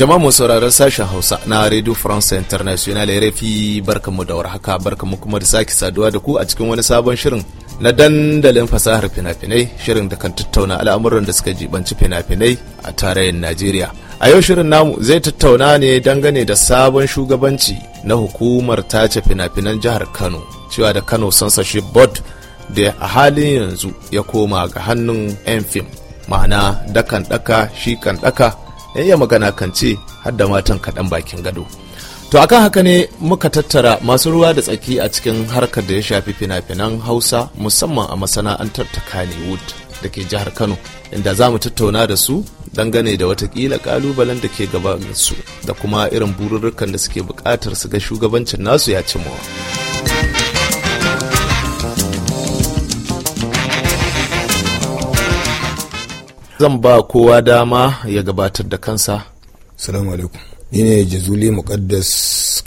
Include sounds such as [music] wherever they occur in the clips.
jama'a mu sauraron sashen hausa na radio france international rfi mu da warhaka barkanmu kuma da sake saduwa da ku a cikin wani sabon shirin na dandalin fasahar fina-finai shirin da kan tattauna al'amuran da suka jibanci fina-finai a tarayyar najeriya a yau shirin namu zai tattauna ne dangane da sabon shugabanci na hukumar tace fina-finan jihar kano cewa da kano censorship board da a halin yanzu ya koma ga hannun 'yan ma'ana dakan daka shi kan daka iya magana kan ce har da matan kaɗan bakin gado to akan haka ne muka tattara masu ruwa da tsaki a cikin harkar da ya shafi fina-finan hausa musamman a masana'antar ta kannywood da ke jihar kano inda za mu tattauna da su dangane da watakila kalubalen da ke gabansu da kuma irin bururrukan da suke bukatar su ga shugabancin nasu ya cimawa. zan ba kowa dama ya gabatar da kansa salamu alaikum ni ne jazuli muqaddas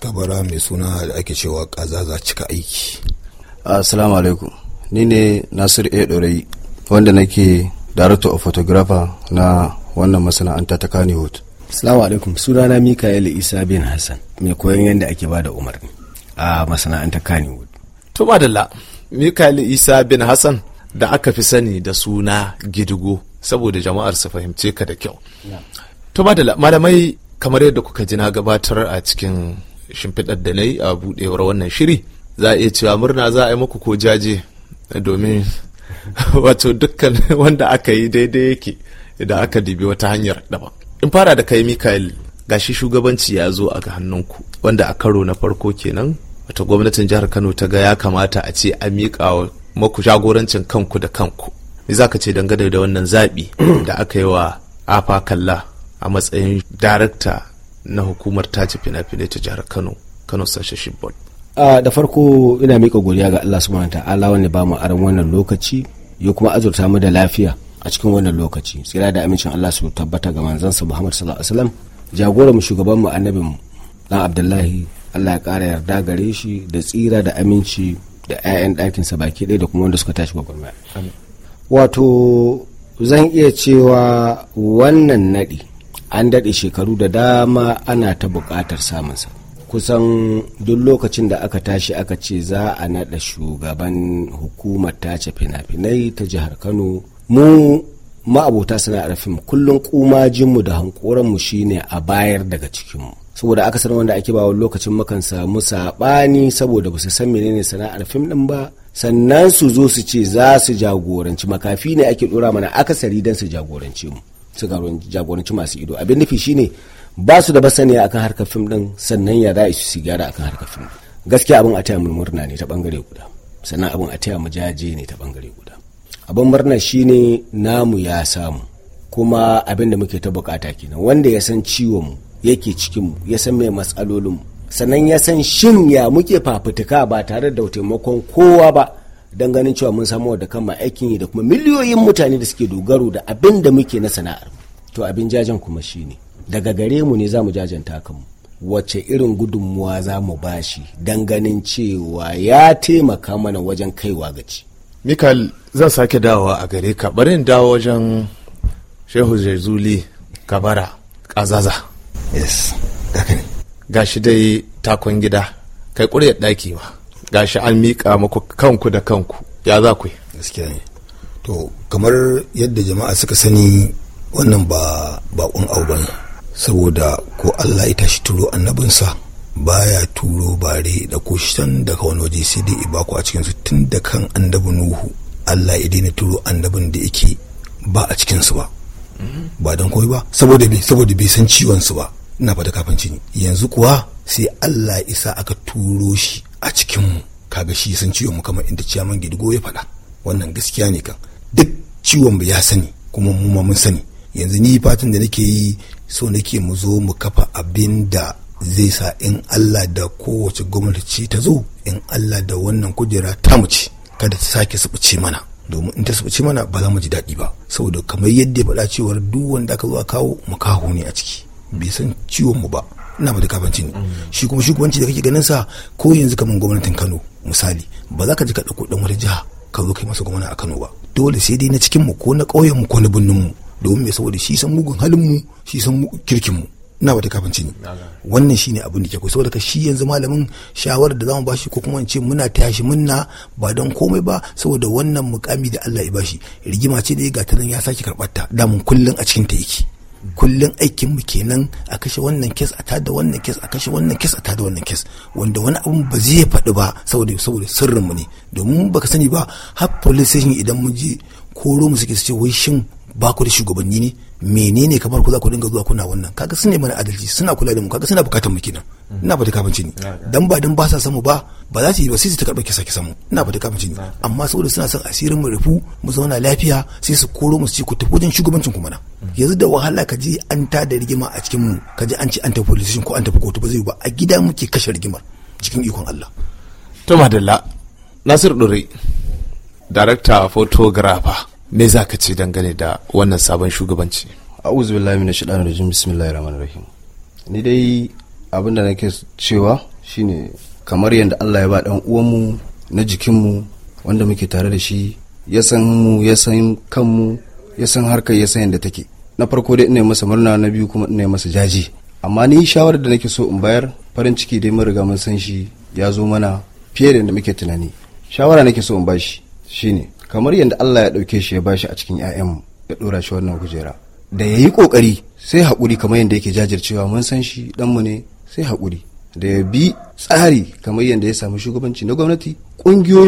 kabara mai suna da ake cewa kazaza cika aiki assalamu alaikum ni ne nasir a dorai wanda nake director of photographer na wannan masana'anta ta kanihut assalamu alaikum sunana mikael isa bin hassan mai koyon yadda ake bada umarni a masana'antar kanihut to madalla mikael isa bin hassan da aka fi sani da suna gidigo saboda jama'ar su fahimce ka da kyau to malamai kamar yadda kuka ji na gabatar a cikin shimfiɗar da na a buɗewar wannan shiri za a iya cewa murna za a yi muku ko jaje domin [laughs] wato dukkan [laughs] wanda aka yi daidai yake idan aka dibi wata hanyar daban in fara da kai mikael gashi shugabanci ya zo a ga hannunku wanda a karo na farko kenan wata gwamnatin jihar kano ta ga ya kamata a ce a miƙa maku jagorancin kanku da kanku me za ka ce dangane da wannan zaɓi [clears throat] da aka yi wa afa kalla a matsayin darakta na hukumar tace fina-finai ta jihar kano kano sashen shibbol. da farko ina miƙa godiya ga allah subhanahu ta'ala wanda ba mu aron wannan lokaci ya kuma azurta mu da lafiya a cikin wannan lokaci tsira da amincin allah su tabbata ga manzansa muhammad sallallahu alaihi wasallam jagoran mu shugaban mu annabin mu dan abdullahi allah ya ƙara yarda gare shi da tsira da aminci da 'ya'yan ɗakinsa baki ɗaya da kuma wanda suka tashi gwagwarmaya wato zan iya cewa wannan naɗi an daɗe shekaru da dama ana ta buƙatar samunsa kusan duk lokacin da aka tashi aka ce za a naɗa shugaban hukumar tace fina-finai ta jihar kano mu ma'abota sana'ar fim kullum kumajinmu da hankoranmu shine a bayar daga cikinmu saboda aka san wanda ake bawa lokacin makan samu saɓani saboda ba su san menene sana'ar fim ɗin ba sannan su zo su ce za su jagoranci makafi ne ake dora mana akasari dan su jagoranci mu su jagoranci masu ido abin nufi shine ba su da basaniya akan harkar fim ɗin sannan ya za su gyara akan harkar fim gaskiya abin a taya mu murna ne ta bangare guda sannan abin a taya mu jaje ne ta bangare guda abin murna shine namu ya samu kuma abin da muke ta bukata kenan wanda ya san ciwon mu yake cikinmu ya san mai matsalolin sannan ya san shin ya muke fafutuka ba tare da taimakon kowa ba don ganin cewa mun samu da kama aikin yi da kuma miliyoyin mutane da suke dogaro da abin da muke na sana'ar to abin jajan kuma shine daga gare mu ne za mu jajanta kanmu wace irin gudunmuwa za mu bashi don ganin cewa ya taimaka mana wajen kaiwa gaci. Mikal zan sake dawowa a gare ka barin dawo wajen Shehu Jezuli Kabara Kazaza. yes gashi dai takon gida kai ƙuryar ɗaki ma gashi an miƙa muku kanku da kanku ya za ku yi gaskiya ne to kamar yadda jama'a suka sani wannan ba bakon abu ne saboda ko Allah ya tashi turo annabinsa baya turo bare da ko shan daga wani waje sai dai ibako a cikin tun da kan annabi Nuhu Allah ya daina turo annabin da yake ba a cikin ba ba don komai ba saboda bai saboda bai san ciwon su ba ina fata kafin cini yanzu kuwa sai Allah isa aka turo shi a cikin mu kaga shi san ciwon mu kamar inda ciyaman gidigo ya faɗa wannan gaskiya ne kan duk ciwon mu ya sani kuma mu ma mun sani yanzu ni fatan da nake yi so nake mu zo mu kafa abin da zai sa in Allah da kowace gwamnati ce ta zo in Allah da wannan kujera ta mu ci kada ta sake subuce mana domin in ta subuce mana ba za mu ji daɗi ba saboda kamar yadda ya faɗa cewar duk wanda aka zo a kawo mu kawo ne a ciki bai san ciwon mu ba ina ba da kafanci ne shi kuma shugabanci da kake ganin sa ko yanzu kaman gwamnatin Kano misali ba za ka ji ka dauko dan wata jiha ka zo kai masa gwamnati a Kano ba dole sai dai na cikin mu ko na ƙauyen mu ko na birnin mu domin me saboda shi san mugun halin mu shi san kirkin mu ina wata kafanci ne wannan shine abin da ke kai saboda ka shi yanzu malamin shawarar da zamu bashi ko kuma in ce muna tashi munna ba don komai ba saboda wannan mukami da Allah ya bashi rigima ce da ya gata nan ya sake karɓar da mun kullun a cikin ta yake kullum aikin mu kenan a kashe wannan kes a tada wannan kes a kashe wannan kes a tada wannan kes wanda wani abun ba zai faɗi ba saboda saboda sirrin mu ne domin baka sani ba har police station idan mun je koro mu suke su ce wai shin ba ku da shugabanni ne menene kamar ku za ku dinga zuwa kuna wannan kaga suna mana adalci suna kula da mu kaga suna bukatar mu kenan ina ba da kafanci ne dan ba dan ba sa samu ba ba za su yi ba sai su ta karɓa kisa kisa mu ina ba da kafanci amma saboda suna son asirin mu rufu mu zauna lafiya sai su koro mu su ci ku tafi wajen shugabancin ku mana mm. yanzu da wahala ka ji an ta da rigima a cikin mu ka ji an ci an tafi politician ko an tafi kotu ba zai ba a gida muke kashe rigimar cikin ikon Allah to madalla nasir dore director photographer me za ka ce dangane da wannan sabon shugabanci a'udhu billahi minash shaitanir rajim rahim ni dai abin da nake cewa shine kamar yadda Allah ya ba dan uwanmu na jikinmu wanda muke tare da shi ya san mu ya san kanmu ya san harkar ya san yadda take na farko dai ina masa murna na biyu kuma ina masa jaji amma ni shawarar da nake so in bayar farin ciki dai mun riga mun san shi ya zo mana fiye da yadda muke tunani shawara nake so in ba shi shine kamar yadda Allah ya ɗauke shi ya bashi a cikin 'ya'yanmu ya ɗora shi wannan kujera da ya yi ƙoƙari sai haƙuri kamar yadda yake jajircewa mun san shi ɗanmu ne sai haƙuri da ya bi tsari kamar yadda ya samu shugabanci na gwamnati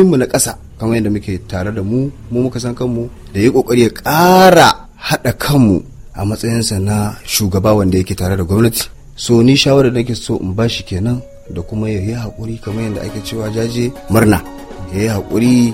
mu na ƙasa kamar yadda muke tare da mu mu muka san kanmu da ya yi ƙoƙari ya ƙara haɗa kanmu a matsayinsa na shugaba wanda yake tare da gwamnati so ni shawarar da nake so in ba bashi kenan da kuma ya yi haƙuri kamar yadda ake cewa jaje murna ya yi haƙuri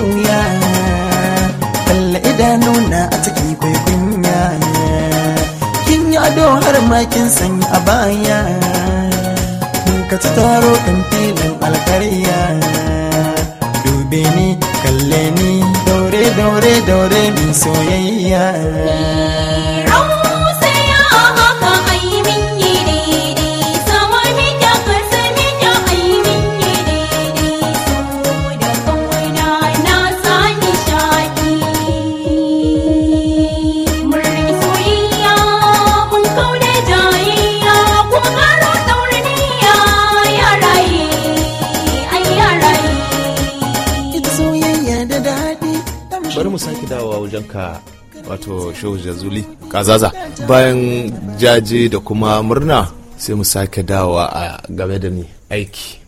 makin sanyi a baya ka ci taro kan filin alkariya dube ni kalle ni daure daure daure min soyayya suka wato shehu jazuli kazaza bayan jaje da kuma murna sai mu sake dawa a game da ni aiki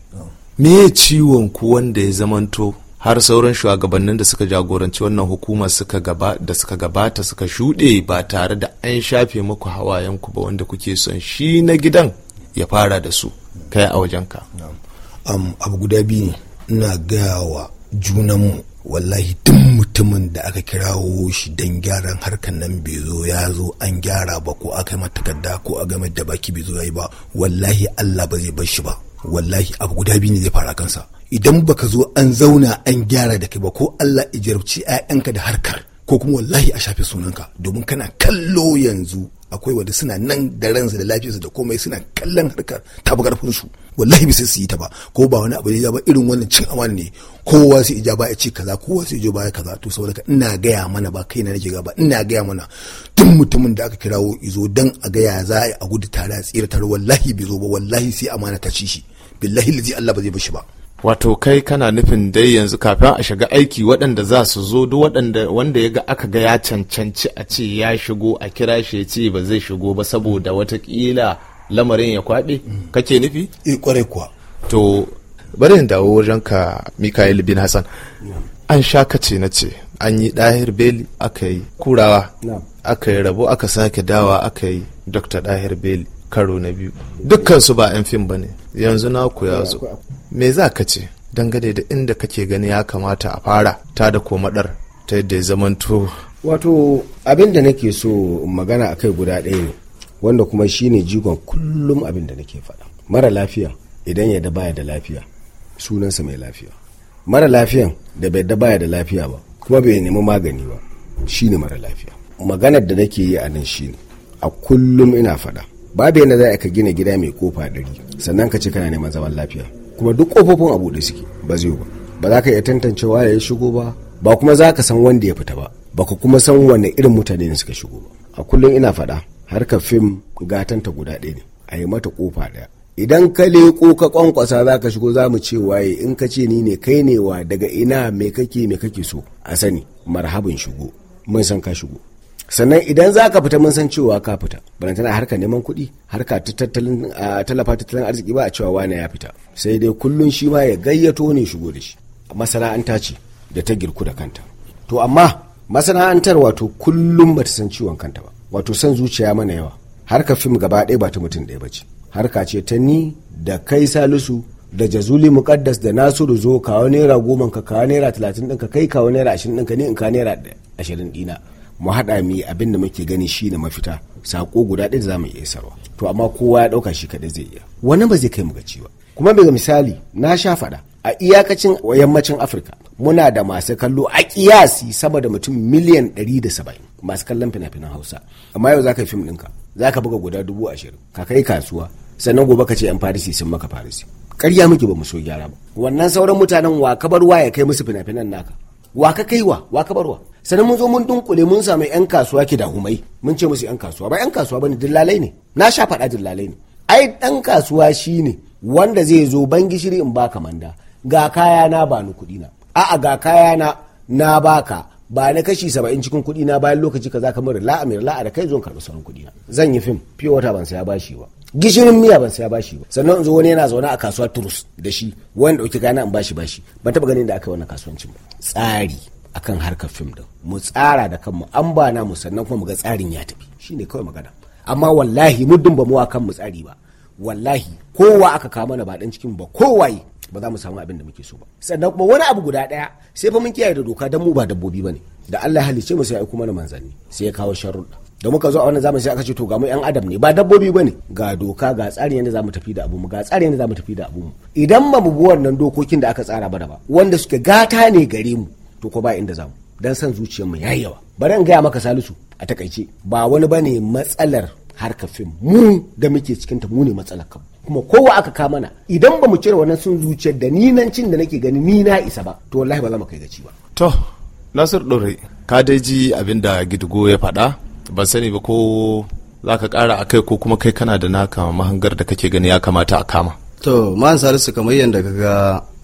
me ciwon ku wanda ya zamanto har sauran shugabannin da suka jagoranci wannan hukumar suka gaba da suka gabata suka shuɗe ba tare da an shafe muku hawayenku ba wanda kuke son shi na gidan ya fara da su kai a wajenka ka abu guda biyu ne ina gaya wa junanmu wallahi mutumin da aka kirawo shi don gyaran harkar nan bai zo ya zo an gyara ba ko aka mata takarda ko a game da baki bai zo ya yi ba wallahi Allah ba zai bar shi ba wallahi abu guda biyu ne zai fara kansa idan baka zo an zauna an gyara da kai ba ko Allah ya jarabci 'ya'yanka da harkar ko kuma wallahi a shafe sunanka domin kana kallo yanzu akwai wanda suna nan da ransu da lafiyarsu da komai suna kallon harkar tafi karfin su wallahi bisa su yi ta ba ko ba wani abu ne ba irin wannan cin amana ne kowa sai ija ba ya ci kaza kowa sai ija ba ya kaza to saboda ina gaya mana ba kai na nake ga ba ina gaya mana tun mutumin da aka kirawo izo dan a gaya za a gudu tare a tsira tare wallahi bai zo ba wallahi sai amana ta ci shi billahi lazi Allah ba zai bashi ba wato kai kana nufin dai yanzu kafin a shiga aiki waɗanda za su zo duk waɗanda wanda ya ga aka ga ya cancanci a ce ya shigo a kira shi ya ce ba zai shigo ba saboda watakila lamarin ya kwaɗe mm. kake nufi? eh kwarai kuwa to bari in dawo wajen ka mikael bin hassan an sha kace na ce an yi ɗahir beli aka yi kurawa aka yi rabo aka sake dawa aka yi dr ɗahir beli karo na biyu dukkan su ba 'yan fim ba ne yanzu naku ya zo me za ka ce dangane da inda kake gani ya kamata a fara ta da komadar ta yadda ya zamanto wato abin da nake so magana akai guda ɗaya ne wanda kuma shine jigon kullum abin da nake faɗa mara lafiya idan ya da baya da lafiya sunansa mai lafiya mara lafiyan da bai da baya da lafiya ba kuma bai nemi magani ba shine mara lafiya maganar da nake yi a nan shine a kullum ina faɗa babu yadda za ka gina gida mai kofa ɗari sannan ka ce kana neman zaman lafiya kuma duk kofofin a buɗe suke ba zai ba ba za ka iya tantance waye ya shigo ba ba kuma za ka san wanda ya fita ba ba ka kuma san wanne irin mutane ne suka shigo ba a kullum ina faɗa harkar fim gatanta guda ɗaya ne a yi mata kofa ɗaya idan ka leƙo ka kwankwasa za ka shigo za mu ce waye in ka ce ni ne kai ne wa daga ina me kake me kake so a sani marhabin shigo mun san ka shigo sannan idan za ka fita mun san cewa ka fita bana tana harkar neman kuɗi harka tattalin tallafa tattalin arziki ba a cewa wane ya fita sai dai kullum shi ma ya gayyato ne shigo da shi masana'anta ce da ta girku da kanta to amma masana'antar wato kullum bata san ciwon kanta ba wato san zuciya mana yawa harka fim gaba ɗaya ba ta mutum ɗaya ba ce harka ce ta ni da kai salisu da jazuli muqaddas da nasiru zo kawo naira goma ka kawo naira talatin ɗin ka kai kawo naira ashirin ɗin ka ni in kawo naira ashirin ɗina mu haɗa mu abin da muke gani shi ne mafita sako guda ɗaya da za mu iya sarwa to amma kowa ya ɗauka shi kaɗai zai iya wani ba zai kai mu ga ba kuma daga misali na sha faɗa a iyakacin yammacin afirka muna da masu kallo a kiyasi sama da mutum miliyan da saba'in masu kallon fina-finan hausa amma yau zaka yi fim ɗinka zaka buga guda dubu ashirin ka kai kasuwa sannan gobe ka ce yan farisi sun maka farisi ƙarya muke ba mu so gyara ba wannan sauran mutanen wa kabarwa ya kai musu fina-finan naka wa ka kaiwa wa kabarwa sannan mun zo mun dunkule mun samu yan kasuwa ki da humai mun ce musu yan kasuwa ba yan kasuwa bane dillalai ne na sha faɗa dillalai ne ai dan kasuwa shi ne wanda zai zo ban gishiri in baka manda ga kaya na ba ni kuɗi na a'a ga kaya na na baka ba na kashi saba'in cikin kuɗi na bayan lokaci za ka mura la'a mai la'a da kai zo karɓi sauran kuɗi na zan yi fim fiye wata ban saya bashi ba gishirin miya ban saya bashi ba sannan zo wani yana zaune a kasuwa turus da shi wani dauki kaya na in bashi bashi ban taɓa ganin da aka yi wannan kasuwancin ba tsari akan harkar fim din mu tsara da kanmu an ba na mu sannan kuma mu ga tsarin ya tafi shine kawai magana amma wallahi muddin ba mu akan mu tsari ba wallahi kowa aka kawo mana ba dan cikin ba kowaye ba za mu samu abin da muke so ba sannan kuma wani abu guda daya sai fa mun kiyaye da doka dan mu ba dabbobi bane da Allah ya halice mu sai kuma na manzanni sai ya kawo sharuɗa da muka zo a wannan zamani sai aka ce to ga mu yan adam ne ba dabbobi bane ga doka ga tsarin yadda zamu tafi da abu mu ga tsarin yadda zamu tafi da abu mu idan ba mu bi wannan dokokin da aka tsara ba da ba wanda suke gata ne gare mu to ko ba inda zamu dan san zuciyar mu yayi yawa bari in gaya maka salisu a takaice ba wani bane matsalar harka fim mu da muke cikin ta mu ne matsalar kanmu kuma kowa aka ka mana idan ba mu cire wannan sun zuciyar da ni cin da nake gani ni na isa ba to wallahi ba za mu kai gaci ba to nasir dore ka dai ji abin da gidigo ya faɗa ban sani ba ko za ka ƙara a kai ko kuma kai kana da naka mahangar da kake gani ya kamata a kama to ma'an salisu kamar yadda ga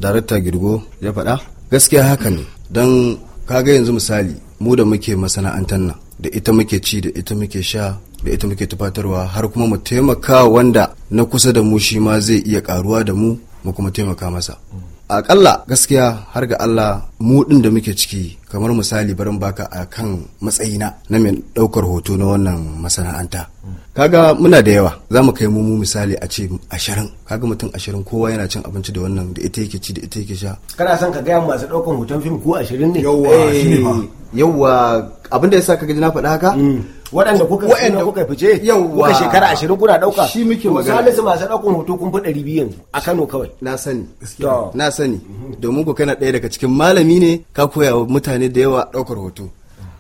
darakta girgo ya faɗa gaskiya haka ne don kaga yanzu misali mu da muke masana'antar nan da ita muke ci da ita muke sha da ita muke tufatarwa har kuma mu taimaka wanda na kusa da mu shi ma zai iya karuwa da mu mu kuma taimaka masa akalla gaskiya har ga Allah mu din da muke ciki kamar misali barin baka a kan matsayina na mai ɗaukar hoto na wannan masana'anta kaga muna da yawa za mu kai mu misali a ce ashirin kaga mutum ashirin kowa yana cin abinci da wannan da ita yake ci da ita yake sha kana son ka gaya masu ɗaukar hoton fim ko ashirin ne yawwa eh. yawwa da ya sa ka gaji na faɗa haka mm. waɗanda kuka waɗanda kuka fice kuka shekara 20 kuna dauka shi muke magana misali su masu daukan hoto kun fada 200 yanzu a Kano kawai na sani na sani domin ku kana ɗaya daga cikin malami ne ka koya wa mutane da yawa ɗaukar hoto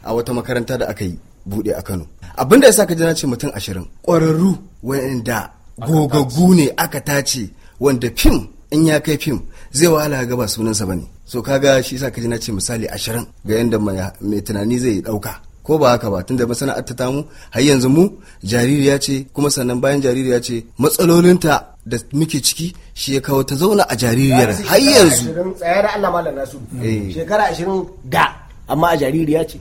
a wata makaranta da aka yi bude a Kano abinda ya ka ji na ce mutum ashirin ƙwararru wanda gogaggu ne aka tace wanda fim in ya kai fim zai wahala ga ba sunansa bane so kaga shi yasa ka ji na ce misali ashirin ga yanda mai tunani zai ɗauka ko ba haka ba da masana'arta ta tamu har yanzu mu jaririya ce kuma sannan bayan jaririya ce matsalolinta da muke ciki shi ya kawo ta zauna a jaririyar har yanzu tsaya da Allah malam nasu eh. shekara 20 da amma a jaririya ce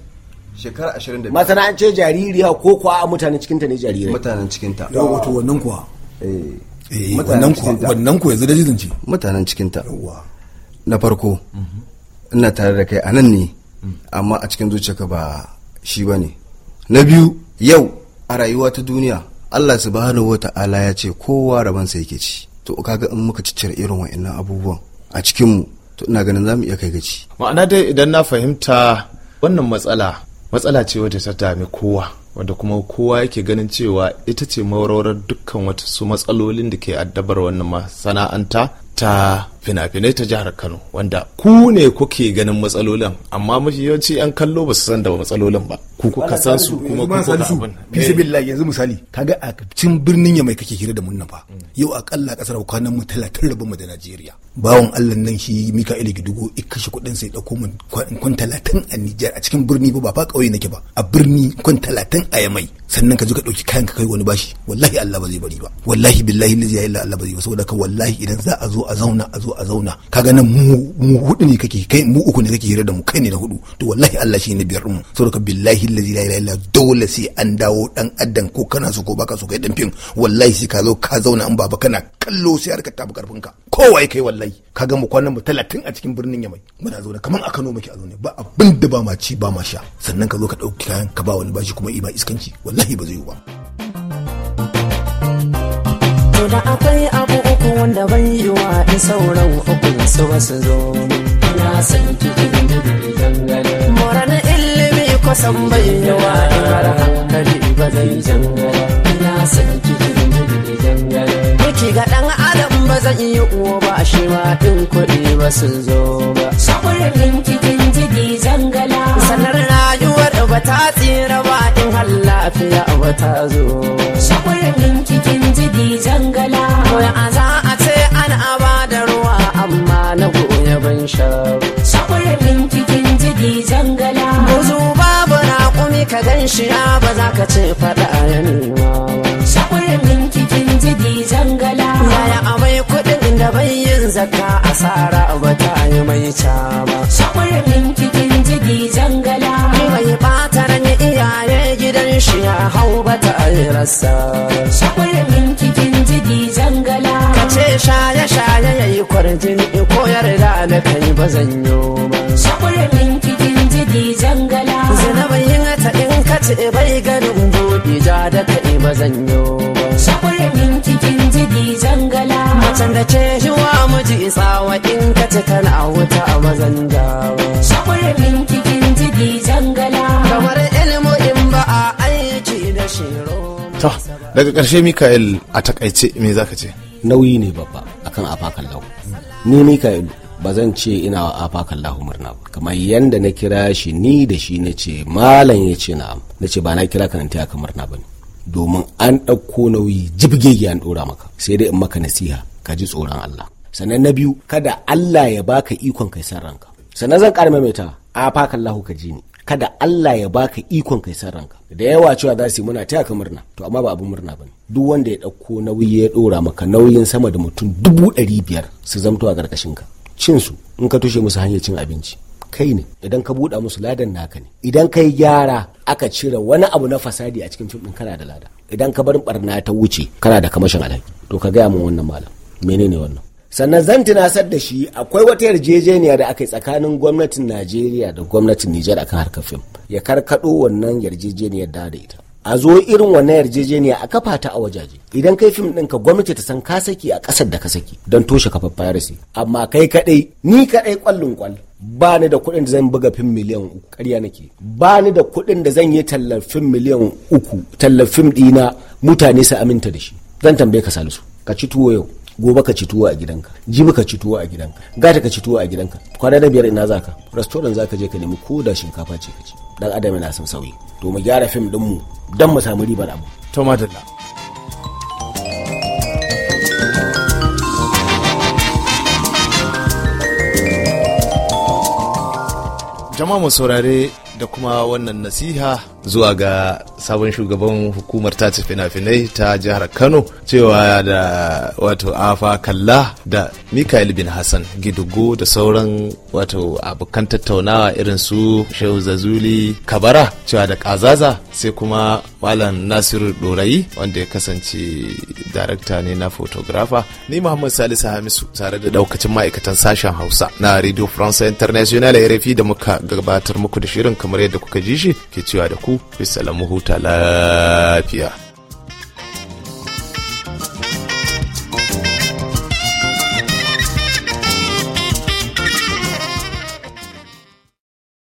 shekara an masana'ance jaririya ko kuwa a mutanen cikinta ne jaririya. mutanen cikinta da wato wannan kuwa eh. Eh, wannan kuwa wannan kuwa yanzu da jizin ce mutanen cikinta na farko mhm. ina tare da kai a nan ne amma a cikin zuciyarka ba shi ba ne na biyu yau a rayuwa ta duniya allah subhanahu wata'ala ya ce kowa rabansa yake ci to kaga in muka ciccire irin wa'annan abubuwan a cikinmu to ina ganin za mu iya kai gaci ma'ana dai idan na fahimta wannan matsala matsala ce wadda ta dami kowa wadda kuma kowa yake ganin cewa ita ce mawarwarar dukkan wata su matsalolin da ke addabar wannan masana'anta ta fina-finai ta jihar kano wanda ku ne kuke ganin matsalolin amma mafi yawanci yan kallo ba su san da matsalolin ba ku kuka san su kuma eh, ku kuka abin eh. bisa billahi yanzu misali kaga a cikin birnin ya mai kake hira da munna fa mm. yau a kalla kasar kwanan mu 30 rabin mu da Najeriya bawon allan nan shi Mika'il Gidugo ya kashe kuɗin sai dauko mu kwan 30 a Nijar a cikin birni ba ba kauye nake ba a birni kwan 30 a Yamai sannan ka ka dauki kayan ka kai wani bashi wallahi Allah ba zai bari ba wallahi billahi lillahi illa Allah ba zai ba saboda ka wallahi idan za a zo a zauna a zo a zauna kaga nan mu hudu ne kake kai mu uku ne kake hira da mu kai ne na hudu to wallahi Allah shi ne biyar mu saboda billahi allazi la ilaha illa dole sai an dawo dan addan ko kana so ko baka so kai dan fin wallahi sai ka zo ka zauna in baba kana kallo sai harka tabu karfin ka kowa kai wallahi kaga mu kwanan mu 30 a cikin birnin Yamai muna zauna kaman a Kano muke a zaune ba abin da ba ma ci ba ma sha sannan ka zo ka dauki kayan ka ba wani bashi kuma iba iskanci wallahi ba zai yi ba da akwai abu uku wanda yi wa in sauran uku su su zo na san kiki dangane mora na ilimi kusan bai yi wa in har hankali ba zai jangana na san kiki dangane kiki ga dan adam ba zan yi uwa ba shi ma din kuɗi ba su zo ba saboda kiki dangane sanar rayuwar ba ta tsira ba in har lafiya ba ta zo shakurin kikin jidi jangala wai a za a ce an aba da ruwa amma na goya ban sha shakurin cikin jidi jangala buzu babu raƙumi ka gan shi ya ba za ka ce faɗa ya nema ba shakurin cikin jidi jangala yaya abai kuɗin da bai yin zaka asara ba ta yi mai ca hau ba ta rasa. shagwalamin cikin jiki zangala ka ce shaye shaye yayi kwarjin koyar da na kai ba zan yi ba shagwalamin cikin jigi zangala zina yin ta in ka ce bai ganin gobe ja da kai ba zan yi ba cikin jiki zangala macen da ce shi wa miji tsawa in ka ce kana wuta a mazan gawa. daga ƙarshe mikael a takaice me zaka ce nauyi ne babba akan afakan lahu ni mikael ba zan ce ina afakan lahu murna ba kamar yadda na kira shi ni da shi na ce malam ya ce na'am na ce ba na kira ka nan taya kamar murna ba ne domin an ɗauko nauyi jibgege an ɗora maka sai dai in maka nasiha ka ji tsoron Allah sannan na biyu kada Allah ya baka ikon kai san ranka sannan zan ƙara maimaita afakan lahu ka ji ni kada Allah ya baka ikon kai san ranka da yawa cewa za su yi muna taya ka murna to amma ba abin murna bane duk wanda ya ɗauko nauyi ya ɗora maka nauyin sama da mutum dubu ɗari biyar su zamto a ƙarƙashin ka cin su in ka tushe musu hanyar cin abinci kai ne idan ka buɗa musu ladan naka ne idan ka yi gyara aka cire wani abu na fasadi a cikin fim ɗin kana da lada idan ka bar barna ta wuce kana da kamashin alhaki to ka gaya min wannan malam menene wannan sannan zan tunasar da shi akwai wata yarjejeniya da aka yi tsakanin gwamnatin najeriya da gwamnatin nijar akan harkar fim ya karkaɗo wannan yarjejeniyar da da ita a zo irin wannan yarjejeniya a kafa ta a wajaje idan kai fim ɗinka gwamnati ta san ka saki a ƙasar da ka saki don toshe kafar piracy amma kai kaɗai ni kaɗai ƙwallin ƙwal ba ni da kuɗin da zan buga fim miliyan uku ƙarya nake ba ni da kuɗin da zan yi tallafin miliyan uku tallafin ɗina mutane su aminta da shi zan tambaye ka salisu ka ci tuwo yau gobe ka ci tuwo a gidanka jibi ka ci tuwo a gidanka gata ka ci tuwo a gidanka kwana da biyar ina zaka restaurant zaka je ka nemi ko da shinkafa ce ka ci dan adam yana son sauyi to mu gyara fim din mu dan mu samu ribar abu to madalla jama'a mu saurare da kuma wannan nasiha zuwa ga sabon shugaban hukumar tace fina-finai ta jihar kano cewa da wato afa kalla da mikael bin hassan gidugo da sauran wato abokan tattaunawa irin su shehu zazuli kabara cewa da kazaza sai kuma malam nasiru dorayi wanda ya kasance darakta ne na photographer ni muhammad salisu hamisu tare da daukacin ma'aikatan sashen hausa na radio france international rfi da muka gabatar muku da shirin kamar yadda kuka ji shi ke cewa da ku bisalam huta lafiya